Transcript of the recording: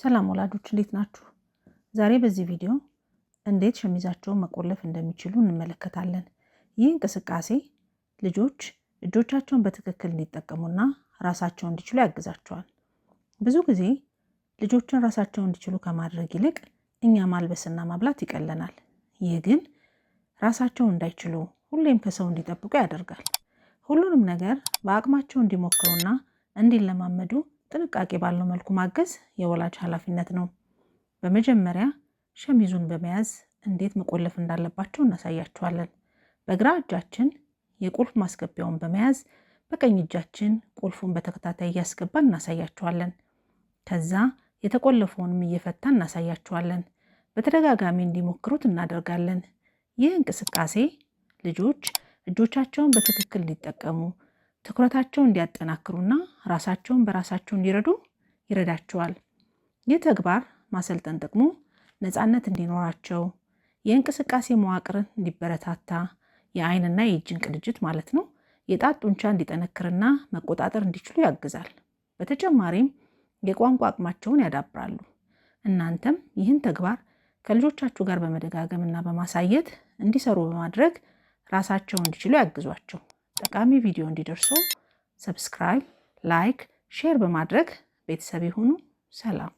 ሰላም ወላጆች እንዴት ናችሁ? ዛሬ በዚህ ቪዲዮ እንዴት ሸሚዛቸውን መቆለፍ እንደሚችሉ እንመለከታለን። ይህ እንቅስቃሴ ልጆች እጆቻቸውን በትክክል እንዲጠቀሙና ራሳቸውን እንዲችሉ ያግዛቸዋል። ብዙ ጊዜ ልጆችን ራሳቸውን እንዲችሉ ከማድረግ ይልቅ እኛ ማልበስና ማብላት ይቀለናል። ይህ ግን ራሳቸውን እንዳይችሉ ሁሌም ከሰው እንዲጠብቁ ያደርጋል። ሁሉንም ነገር በአቅማቸው እንዲሞክሩና እንዲለማመዱ ጥንቃቄ ባለው መልኩ ማገዝ የወላጅ ኃላፊነት ነው። በመጀመሪያ ሸሚዙን በመያዝ እንዴት መቆለፍ እንዳለባቸው እናሳያቸዋለን። በግራ እጃችን የቁልፍ ማስገቢያውን በመያዝ በቀኝ እጃችን ቁልፉን በተከታታይ እያስገባን እናሳያቸዋለን። ከዛ የተቆለፈውንም እየፈታ እናሳያቸዋለን። በተደጋጋሚ እንዲሞክሩት እናደርጋለን። ይህ እንቅስቃሴ ልጆች እጆቻቸውን በትክክል እንዲጠቀሙ ትኩረታቸው እንዲያጠናክሩና ራሳቸውን በራሳቸው እንዲረዱ ይረዳቸዋል። ይህ ተግባር ማሰልጠን ጥቅሙ ነፃነት እንዲኖራቸው፣ የእንቅስቃሴ መዋቅርን እንዲበረታታ፣ የአይንና የእጅን ቅንጅት ማለት ነው፣ የጣት ጡንቻ እንዲጠነክርና መቆጣጠር እንዲችሉ ያግዛል። በተጨማሪም የቋንቋ አቅማቸውን ያዳብራሉ። እናንተም ይህን ተግባር ከልጆቻችሁ ጋር በመደጋገም እና በማሳየት እንዲሰሩ በማድረግ ራሳቸውን እንዲችሉ ያግዟቸው። ጠቃሚ ቪዲዮ እንዲደርሱ ሰብስክራይብ፣ ላይክ፣ ሼር በማድረግ ቤተሰብ ይሁኑ። ሰላም